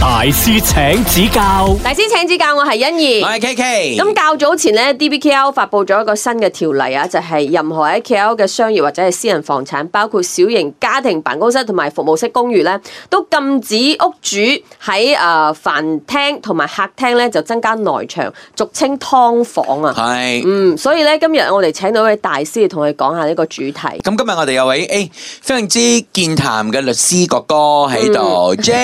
大師請指教，大師請指教，我係欣怡，我係 K K。咁較早前呢 D B K L 發布咗一個新嘅條例啊，就係、是、任何喺 K L 嘅商業或者係私人房產，包括小型家庭辦公室同埋服務式公寓呢，都禁止屋主喺誒飯廳同埋客廳呢就增加內牆，俗稱劏房啊。係，嗯，所以呢，今日我哋請到位大師同佢講下呢個主題。咁今日我哋有位誒、哎、非常之健談嘅律師哥哥喺度、嗯、，J。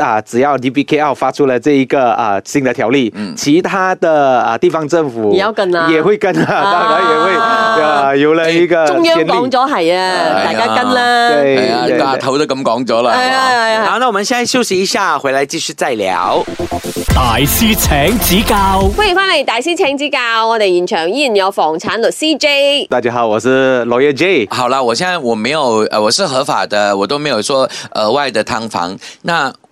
啊，只要 DBKL 發出了這一個啊新的條例，嗯，其他的啊地方政府也會跟了，也要跟啊，也會跟啊，當然也會有了一個中央講咗係啊，大家跟啦，係啊，對對對對對大頭都咁講咗了，啊啊啊。好，那我們現在休息一下，回來繼續再聊。大師請指教，歡迎翻嚟，大師請指教。我哋現場依然有房產律師 J。大家好，我是羅爺 J。好了，我現在我沒有呃，我是合法的，我都沒有說額外的劏房。那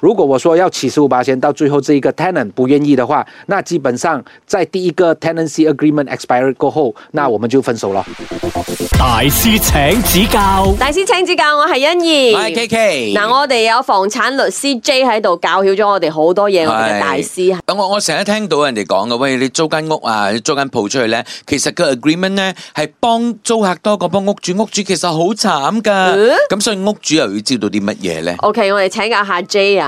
如果我說要起十五八千，到最後這一個 tenant 不願意的話，那基本上在第一個 tenancy agreement expired 過後，那我們就分手了。大師請指教，大師請指教，我係欣怡，我係 K K。嗱，我哋有房產律師 J 喺度教曉咗我哋好多嘢，我哋嘅大師。等我我成日聽到人哋講嘅，喂，你租間屋啊，你租間鋪出去咧，其實個 agreement 咧係幫租客多過幫屋主，屋主其實好慘噶。咁、uh? 所以屋主又要知道啲乜嘢咧？OK，我哋請教下 J 啊。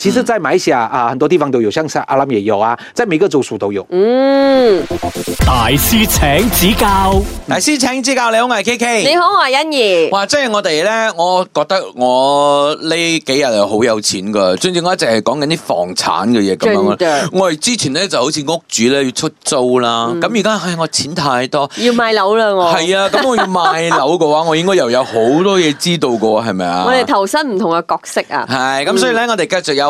其實，在馬來西亞啊，很多地方都有，像沙阿林咪也有啊，即在每個州屬都有。嗯，大師請指教，大師請指教。你好，我係 K K。你好，我係欣怡。哇，即係我哋咧，我覺得我呢幾日係好有錢噶，最近我一直係講緊啲房產嘅嘢咁樣。我哋之前咧就好似屋主咧要出租啦，咁而家唉我錢太多，要賣樓啦我。係啊，咁我要賣樓嘅話， 我應該又有好多嘢知道噶，係咪啊？我哋投身唔同嘅角色啊。係，咁所以咧、嗯，我哋繼續有。